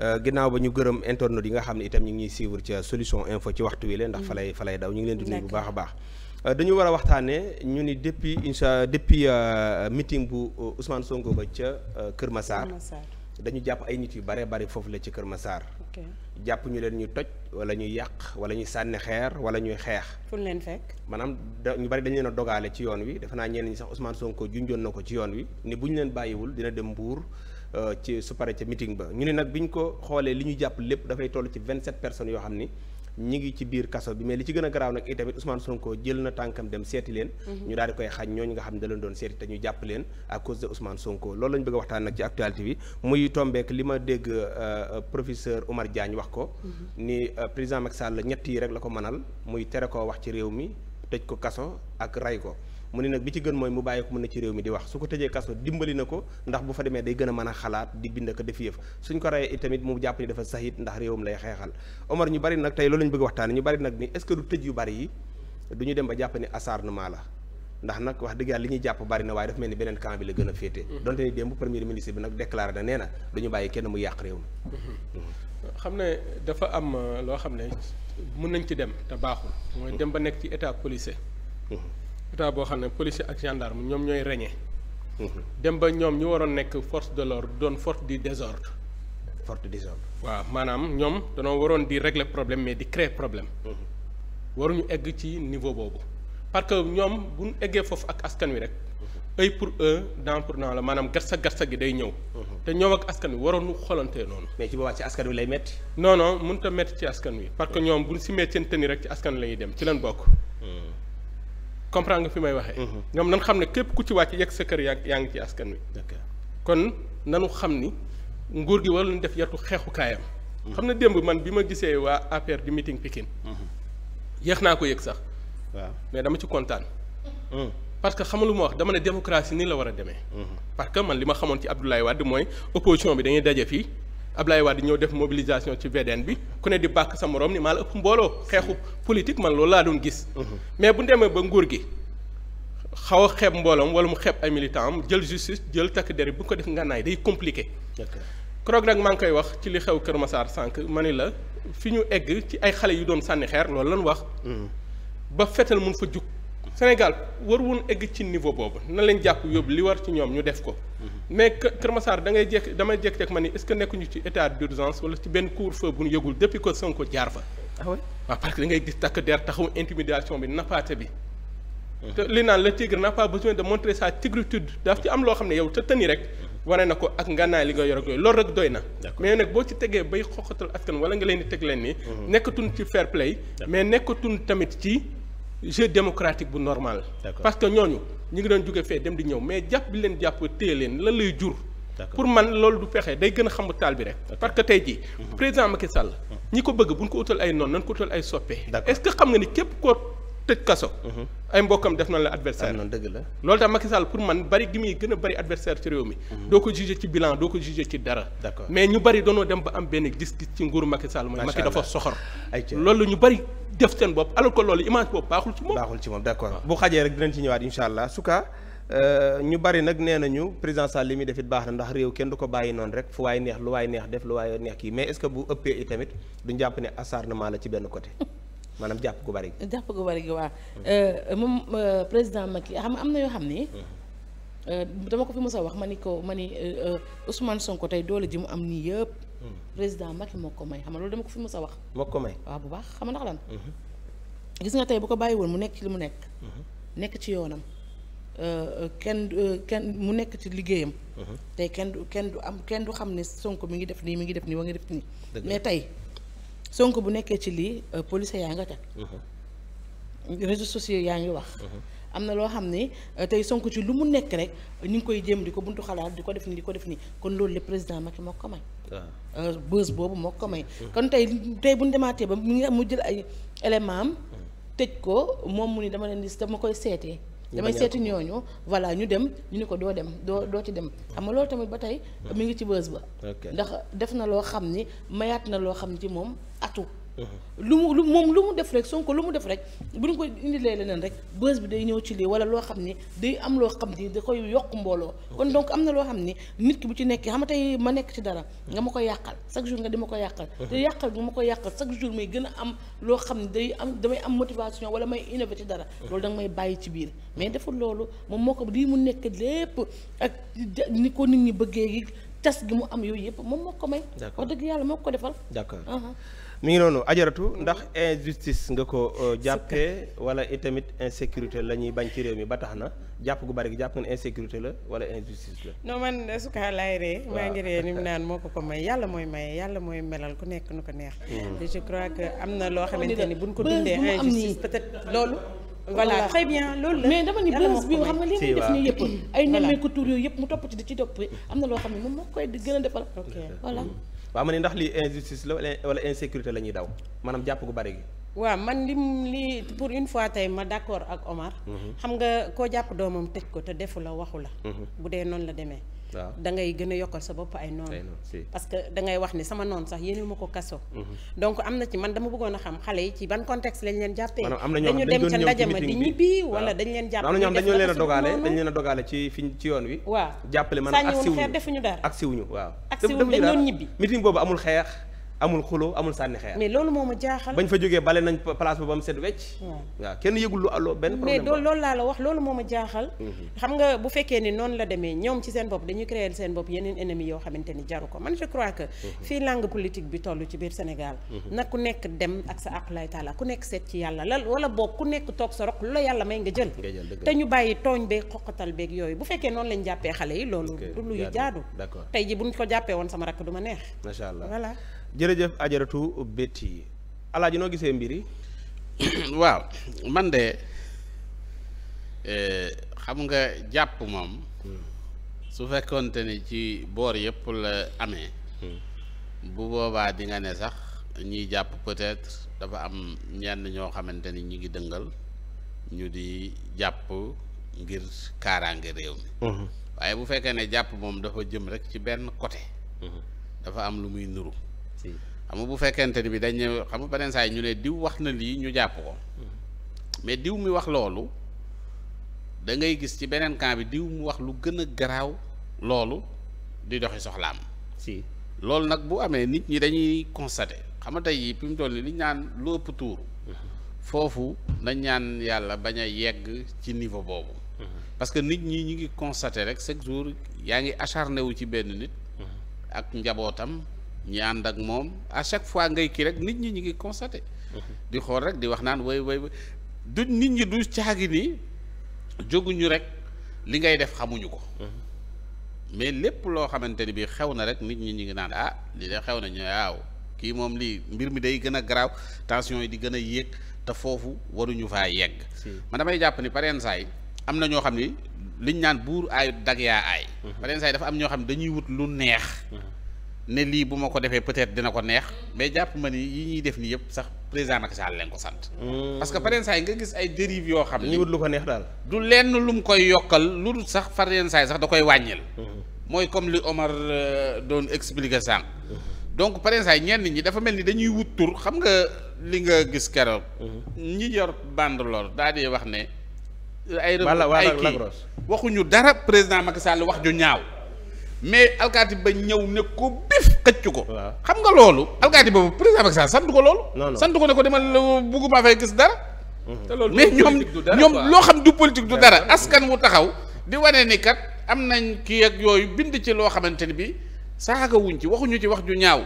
Euh, ginnaaw ba ñu gërëm internet yi nga xam ne itam ñu ngi ñuy suivre ca solution info ci waxtu wi leen ndax fa lay mm. fa lay daw ñu ngi leen di nuyu bu baax a baax euh, dañu war a waxtaanee ñu ni sa incha depuis euh, meeting bu Ousmane Sonko ca Kër Massar dañu jàpp ay nit yu bare bari foofu la ci Kër Massar jàpp ñu leen ñu toj wala ñuy yàq wala ñu sànni xeer wala ñuy xeex fu leen fekk maanaam da ñu bari dañu leen a dogaale ci yoon wi defe naa ñenn ñi sax Ousmane Sonko junjoon na ko ci yoon wi ni bu ñu leen bàyyiwul dina dem Mbuur Euh, ci su paree ca meeting ba ñu ne nag bi ñu ko xoolee li ñu jàpp lépp dafay toll ci 27 personnes yoo xam ni ñi ngi ci biir kaso bi mais li ci gën a garaaw nag itamit Ousmane Sonko jël na tànkam dem seeti leen mhm. ñu daal di koy xañ ñooñu nga xam ne da leen doon seeti te ñu jàpp leen à cause de Ousmane Sonko loolu lañu bëgg a waxtaan nag ci actualité bi muy tombeek li ma dégg euh, euh, professeur Oumar Diagne wax ko mhm. ni président Macky Sall ñett yi rek la ko manal muy tere koo wax ci réew mi tëj ko kaso ak ray ko mu ne nag bi ci gën mooy mu bàyyi ko mën na ci réew mi di wax su ko tëjee kaso dimbali na ko ndax bu fa demee day gën a man a xalaat di bind ko def yëf suñ ko reyee itamit mu jàpp ni dafa sahit ndax réewam lay xeexal ñu bari nag tey loolu lañu bëgg waxtaane ñu bari nag ni est-ce que du tëj dem ba jàpp ni acharnement la ndax nag wax dëgg ñuy jàpp bari na waaye dafa mel ni beneen camp bi a féete mm-hmm. donte ni démb premier ministre bi nag déclaré na nee na du ñu bàyyi kenn mu yàq réew mi mm-hmm. xam ne dafa am uh, loo xam ne mën nañ ci dem te baaxul mooy mm-hmm. dem ba nekk ci état policier état boo xam ne policier ak gendarme ñoom ñooy régner. Mhm. dem ba ñoom ñu waroon nekk force de l'ordre doon force du désordre. force du désordre. waaw maanaam ñoom danoo waroon di régler problème mais di créer problème. Mhm. waruñu egg ci niveau boobu. parce que ñoom bu ñu eggee foofu ak askan wi rek. Mhm. œil pour œil dent pour dent la maanaam garsa garsa gi day ñëw. te ñoom ak askan wi waroonu xolantee noonu. mais ci boobaa ci askan wi lay métti. non non mënut ci askan wi. parce que ñoom bu si méttiyante rek ci askan la ñuy dem ci lan bokk. comprendre nga fi may waxee. Mhm. ñoom nan xam ne képp ku ci wàcc yegg sa kër yaa yaa ngi ci askan wi. kon nanu xam ni nguur gi war nañu def yartu xeexukaayam kaayam. Mhm. xam na démb man bi ma gisee waa APR di meeting Pikine. Mhm. yéex naa ko yëg sax. waaw mais dama ci kontaan. parce que xamu lu ma wax dama ne démocratie nii la war a demee. parce que man li ma xamoon ci Abdoulaye Wade mooy opposition bi dañuy daje fii. Ablaye Wade ñëw def mobilisation ci VDN bi ku ne di bàkk sa moroom ni maa la ëpp mbooloo xeexu politique man loolu laa doon gis. Mhm. mais bu demee ba nguur gi xaw a xeeb mbooloom wala mu xeeb ay militan am jël justice jël takk dere bu ko def ngànnaay day compliqué. keroog nag maa ngi koy wax ci li xew Kër Massar sànq ma ni la fi ñu egg ci ay xale yu doon sànni xeer loolu lan wax. Mhm. ba fetal mun fa jug. Sénégal war wun egg ci niveau boobu na leen jàpp yóbbu li war ci ñoom ñu def ko mhm. mais Kër Massar da ngay jekk damay jekk-jekk ma ni est-ce que nekkuñu ci état d'urgence wala ci benn couvre-feu bu ñu yëgul depuis que Sonko jaar fa ah waaw parce que da ngay gis takk der taxaw intimidation bi nappaate bi mhm. te li naan le tigre n'a pas besoin de montrer sa tigritude daf ci am loo xam ne yow te tëni rek wane na ko ak ngànnaay li nga yor yooyu loolu rek doy na mais nag boo ci tegee bay xoxatal askan wala nga leen di teg leen ni mhm. nekkatun ci fair play mais nekkatun tamit ci jeu démocratique bu normal. parce que ñooñu ñu ngi doon jóge fee dem di ñëw mais jàpp bi leen jàpp téye leen la lay jur. pour man loolu du pexe day gën a xamu taal bi rek. parce que tey jii. Mhm. président Macky Sall. ñi ko bëgg bu ñu ko utal ay noonu nañ ko utal ay soppe. est-ce que xam nga ni képp koo tëj kaso. Mhm. ay mbokkam def nañ la adversaire am ah, dëgg la. loolu tax Macky Sall pour man bari gi a bari adversaire ci réew mi. Mhm. ba am benn gis-gis moom. baaxul ci moom d'accord bu xajee rek dinañ ci ñëwaat incha su ka euh, ñu bari nag nee nañu président Sall li muy def it baax na ndax réew kenn du ko bàyyi noonu rek fu waay neex lu waay neex def lu waay neex kii mais est-ce que bu ëppee i tamit duñ jàpp ne acharnement la ci benn côté maanaam jàpp ko bari gi. jàpp gu bari gi waaw euh, moom euh, président Macky xam am na yoo xam ni. Mm-hmm. Euh, dama ko fi mos a wax ma ni ko ma ni Ousmane Sonko tey doole ji mu am nii yëpp. Mm-hmm. président Macky moo ko may xam nga loolu dama ko fi mos sa wax. moo ko may waaw bu baax xam nga ndax lan. Mm-hmm. gis nga tey bu ko bàyyi woon mu nekk ci li mu nekk. nekk ci yoonam. kenn kenn mu nekk ci liggéeyam. tey kenn du kenn du am kenn du xam ne Sonko mi ngi def nii mi ngi def nii wa ngi def nii. mais tey. Sonko bu nekkee ci lii euh, police yaa nga teg mhm. réseaux sociaux yaa ngi wax mhm. am na loo xam ne euh, tey Sonko ci lu mu nekk rek ñu ngi koy jéem di ko buntu xalaat di ko def ni di ko def nii kon loolu le président Macky moo ko may ah. euh, bës boobu moo ko may mhm. kon tey tey bu ñu demaatee ba mu ngi mu jël ay élément am tëj ko moom mu ni dama leen di dama koy seetee damay seeti ñooñu voilà ñu dem ñu ni ko doo dem doo doo ci dem xam nga loolu tamit ba tey hmm. mi ngi ci bës ba ndax def na loo xam ni mayaat na loo xam ni ci moom atu lu mu lu moom lu mu def rek Sonko lu mu def rek bu ñu ko indilee leneen rek bës bi day ñëw ci lii wala loo xam ni day am loo xam ni da koy yokk mbooloo kon donc am na loo xam ni nit ki bu ci nekkee xam nga tey ma nekk ci dara nga ma ko yàqal chaque jour nga di ko yàqal te yàqal nga ma ko yàqal chaque jour may gën a am loo xam ne day am damay am motivation wala may innover ci dara loolu da may bàyyi ci biir mais deful loolu moom moo ko lii mu nekk lépp ak ni ko nit ñi bëggee gi tas gi mu am yooyu yëpp moom moo ko may wax dëgg yàlla moo ko defal d'accord uh-huh. mi ngi noonu ajaratu ndax injustice nga ko euh, jàppee wala itamit insécurité la ñuy bañ ci réew mi ba tax na jàpp gu bari gi jàpp nga insécurité la wala injustice la. non man suka laay ree maa ngi ree ni naan moo ko ko may yàlla mooy maye yàlla mooy melal ku nekk nu ko neex. Mm. je crois que am na loo xamante ni buñ ko dundee injustice peut-être loolu. voilà très bien loolu la mais dama ni bës bi xam nga li def nii yëpp ay nemmeeku tur yooyu yëpp mu topp ci di ci topp am loo xam ne moom moo koy gën a defal. waaw ma ne ndax lii injustice la wala insécurité la ñuy daw maanaam jàpp gu bari gi. waaw man li pour une fois tey ma d'accord ak Omar. Mhm. xam nga koo jàpp doomam tëj ko te defu la waxu la. Mhm. bu dee noonu la demee. waaw da ngay gën a yokkal sa bopp ay noonu. parce que da ngay wax ni sama noonu sax yéene ma ko kaso. Mhm. donc am na ci man dama bëggoon a xam xale yi ci ban contexte lañ leen jàppee. am na ñoo xam dañu dem ca ndajama di ñibbi wala dañ leen jàpp. am na ñoo xam dañu leen a ci yoon wi. waaw jàppale man ak siwuñu sànniwul xeer defuñu dara ak siwuñu taxi wu dañ doon ñibbi meeting boobu amul xeex amul xulo amul sànni xeer. mais loolu moom a jaaxal. bañ fa jógee bale nañ place ba ba mu set wecc. waaw kenn yëgul lu benn problème. mais loolu laa la wax loolu moo ma jaaxal. Mhm. xam nga bu fekkee ni noonu la demee ñoom ci seen bopp dañuy créer seen bopp yeneen ennemis yoo xamante ni jaru ko man je crois que. Mhm. fii langue bi toll ci biir Sénégal. Mhm. na ku nekk dem ak sa àqu lay taala ku nekk seet ci yàlla la wala boog ku nekk toog sa rok lu la yàlla may nga jël. te ñu bàyyi tooñ beeg xoqatal beeg yooyu bu fekkee noonu lañ jàppee xale yi loolu. du lu jaadu tey ji buñ ko woon sama rakk ma neex. macha allah jërëjëf ajaratu Betty alaaji noo gisee mbir yi. waaw man de e, xam nga jàpp moom. Hmm. su fekkonte ni ci boor yëpp la amee. Hmm. bu boobaa di nga ne sax ñiy jàpp peut-être dafa am ñenn ñoo xamante ni ñu ngi dëngal ñu di jàpp ngir kaaraange réew mi. Hmm. waaye bu fekkee ne jàpp moom dafa jëm rek ci benn côté. dafa am lu muy nuru. xam nga bu fekkente ni bi dañ ne xam nga beneen saa yi ñu ne diw wax na lii ñu jàpp ko mais diw mi wax loolu da ngay gis ci beneen camp bi diw mu wax lu gën a garaaw loolu di doxi soxlaam si loolu nag bu amee nit ñi dañuy constater xam nga tey yi fi mu toll ni li ñaan lu ëpp tuuru foofu na ñaan yàlla bañ a yegg ci niveau boobu parce nit ñi ñu ngi constater rek chaque jour yaa ngi acharné wu ci benn nit hmm. ak njabootam ñi ànd ak moom à chaque fois ngay kii rek nit ñi ñu ngi constaté. di xool rek di wax naan woy way du nit ñi du caagi ni jóguñu rek li ngay def xamuñu ko. mais lépp loo xamante ni bii xew na rek nit ñi ñi ngi naan ah lii de xew na ñu waaw kii moom lii mbir mi day gën a garaaw tension yi di gën a yéeg te foofu waruñu fa yegg. man damay jàpp ni pareen saa am na ñoo xam ni liñ naan buur aayut dag yaa aay. Mm-hmm. pareen dafa am ñoo xam ne dañuy wut lu neex. Mm-hmm. ne lii bu ma ko defee peut-être dina ko neex mais jàpp ma ni yi ñuy def nii yëpp sax président Macky Sall leen ko sant. Hmm. parce que pareen saa yi nga gis ay dérives yoo xam. ni wut lu ko neex daal. du lenn lu mu koy yokkal lu dul sax pareen saa yi sax da koy wàññil. Hmm. mooy comme li Omar euh, doon expliquer donc pareen saa yi ñenn ñi dafa mel ni dañuy wut tur xam nga li nga gis keroog. ñi hmm. yor bandelor daal di wax ne. ay ay kii waxuñu dara président Macky Sall wax ju ñaaw. mais alkaati ba ñëw ne ko bif xëcc ko. xam nga loolu. alkaati boobu président Macky Sall sant ko loolu. sant ko ne ko demal euh, bugguma fay gis dara. Mhm. te loolu mais ñoom ñoom loo xam du politique du dara askan wu taxaw di wane ni kat am nañ kii ak yooyu bind ci loo xamante ni bi saaga wuñ ci waxuñu ci wax ju ñaaw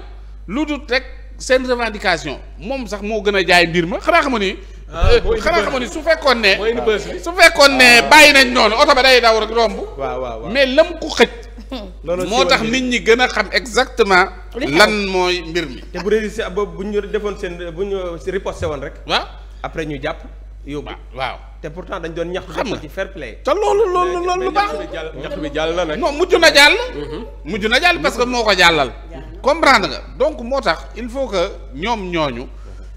lu du rek seen revendication moom sax moo gën a jaay mbir ma xanaa xamu ni. Ah, euh, xanaa xamu ni su fekkoon ne. su fekkoon ne bàyyi nañ noonu oto ba day daw rek romb. mais lam ko Hmm. moo tax nit ñi gën a xam exactement. lan mooy mbir mi. te bu dee si bu ñu defoon seen bu ñu riposté woon rek. waaw après ñu jàpp yow yóbbu. Ah, waaw te pourtant dañ doon ñaxtu. xam nga ci fair play. te loolu loolu loolu lu baax. ñaxtu bi jàll na nag. non mujj na jàll. Mhm. mujj na jàll parce que moo ko jàllal. comprendre nga donc moo tax il faut que ñoom ñooñu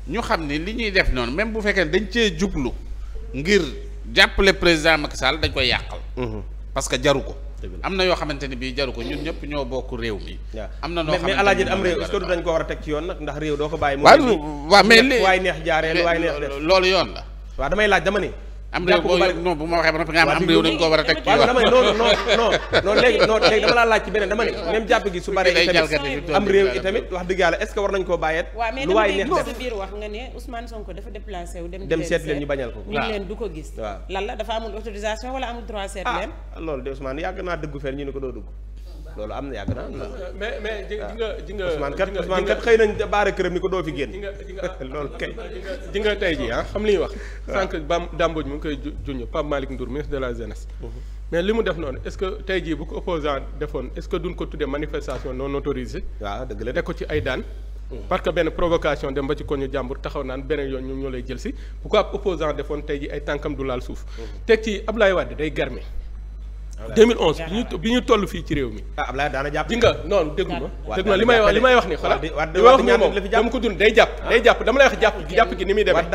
ñu xam ni li ñuy def noonu même bu fekkee dañ cee jublu ngir jàppale président Macky dañ koy yàqal. Mhm. parce que jaru ko. am na yoo xamante ne bii jaru ko ñun ñëpp ñoo bokk réew mi. am na noo xamante ne mais alaaji am réew est ko war a teg yoon nag ndax réew doo ko bàyyi. waaw waaw mais li waay neex jaareel waay neex loolu yoon la. waa damay laaj dama ne. am réew boo non bu war a teg waaw dama ne non léegi non léegi dama laa laaj beneen dama ne même jàpp gi su bare itamit am réew itamit wax dëgg yàlla est-ce que war nañ koo bàyyeet lu waay neex def sa biir wax nga ne Ousmane Sonko dafa déplacé dem dem ñu bañal ko ñu leen du ko gis waaw la dafa amul autorisation wala amul droit seet ah, leen loolu de Ousmane yàgg naa dëggu fenn ñu ne ko doo dugg loolu am na yàgg na ah, mais mais ji ah. nga ji nga. xëy nañ baare këram ni ko doo fi génn. nga ji nga loolu kay. ji nga tey jii ah, xam li ñuy wax. sànq Bam Damboj mu ngi koy junj Pape Malick Ndour ministre de la jeunesse. Mhm. mais li mu def noonu est-ce que tey jii bu ko opposant defoon est-ce que duñ ko tuddee manifestation non autorisée. waaw dëgg la teg ko ci ay daan. Mhm. parce que benn provocation dem ba ci koñu jàmbur taxaw naan beneen yoon ñoom ñoo lay jël si bu ko ab opposant defoon tey jii ay tànkam du laal suuf. Mhm. teg ci Ablaye Wade 2011 bi ñu bi ñu toll fii ci réew mi. ah Ablaye daana jàpp ji nga noonu déglu ma li may wax li may wax ni xoolal li may wax ni moom dama ko dund day jàpp ah. day jàpp dama lay wax jàpp gi jàpp gi ni muy demee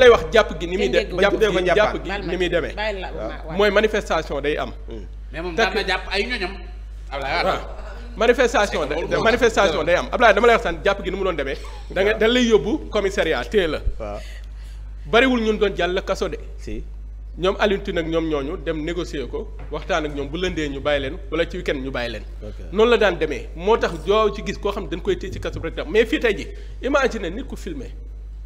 lay wax jàpp gi ni muy demee jàpp gi ni mooy manifestation day am hmm. mais moom daan jàpp ay ñoñam Ablaye waaw manifestation manifestation day am Ablaye dama lay wax saan jàpp gi ni mu doon demee da nga da lay yóbbu commissariat téye la bariwul ñun doon jàll kaso de ñoom Alioune Tine ak ñoom ñooñu dem négocier ko waxtaan ak ñoom bu lëndee ñu bàyyi leen wala ci week ñu bàyyi leen. noonu la daan demee moo tax joo ci gis koo xam ne dañ koy téye ci kaso rek tax mais fii tey ji imagine nit ku filmé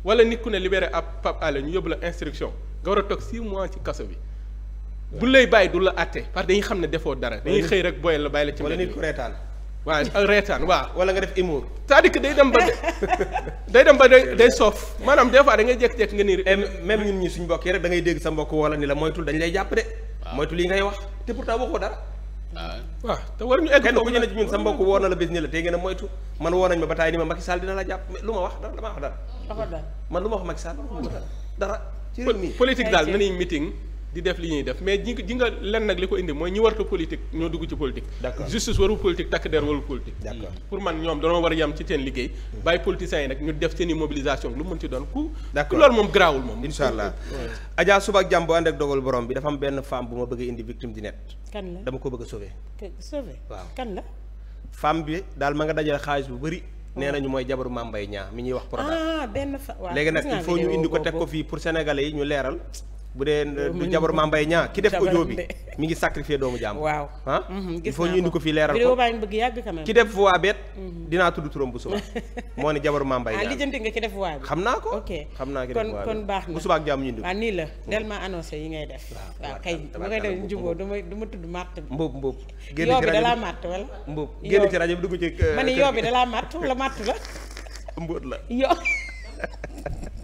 wala nit ku ne libéré ab Pape Alé ñu yóbbu la instruction nga war a toog 6 mois ci kaso bi. bu lay bàyyi du la àtte parce dañuy xam ne defoo dara. dañuy xëy rek booy la bàyyi la ci mbedd wala nit waa ak reetaan waaw wala nga def humour cest day dem ba day dem ba day day soof maanaam des fois da ngay jékki-jékki nga nii même ñun ñi suñu mbokk yi rek da ngay dégg sa mbokk wala la moytul dañ lay jàpp de moytul yi wax te pourtant waxoo dara ah. waaw te war ñu egg kenn ku woo na la bés ni la tey ngeen a moytu man woo nañ ma ba taay ni ma Macky Sall dina la jàpp mais lu ma wax dara damaa wax dara man lu ma wax Macky Sall dara ci daal nañuy meeting di def li ñuy def mais ji ji nga len nag li ko indi mooy ñi warta politique ñoo dugg ci politique justice warul politique takk der warul politique pour man ñoom dañoo war a yem ci seen liggéey bàyyi politiciens yi nag ñu def seeni i mobilisation lu mën ci doon ku ku loolu moom garaawul moom incha allah ajaa suba ak jàmm bu ànd ak dogal borom bi dafa am benn femme bu ma bëgg a indi victime di net kan la dama ko bëgg a sauver sauver waaw kan bi daal ma nga dajale xaalis bu bëri oh. nee nañu mooy jabaru Mame Mbaye Niang mi ñuy wax problème ah, léegi nag il faut ñu indi ko teg ko fii pour sénégalais yi ñu leeral bu dee du jabar Mame Mbaye ñaa ki def audio bi mi ngi sacrifier doomu jaam waaw ah mhm, il faut ñu indi ko fii leeral ko bëgg yàgg quand même ki def voix beet mhm. dinaa tudd turam bu suba moo ne jabar Mame Mbaye ah, Niang lijjanti nga ki def xam naa ko ok xam naa ki def baax na bu suba ak jàmm ñu indi waaw ah, nii la del ma yi ngay def waaw kay bu ngay def njuboo du ma tudd màtt bi mbóob mbóob yow bi dalaa màtt wala mbóob génn ci rajo bi dugg ci euh, ma ne yow bi dalaa màtt wala màtt la mbóot la yow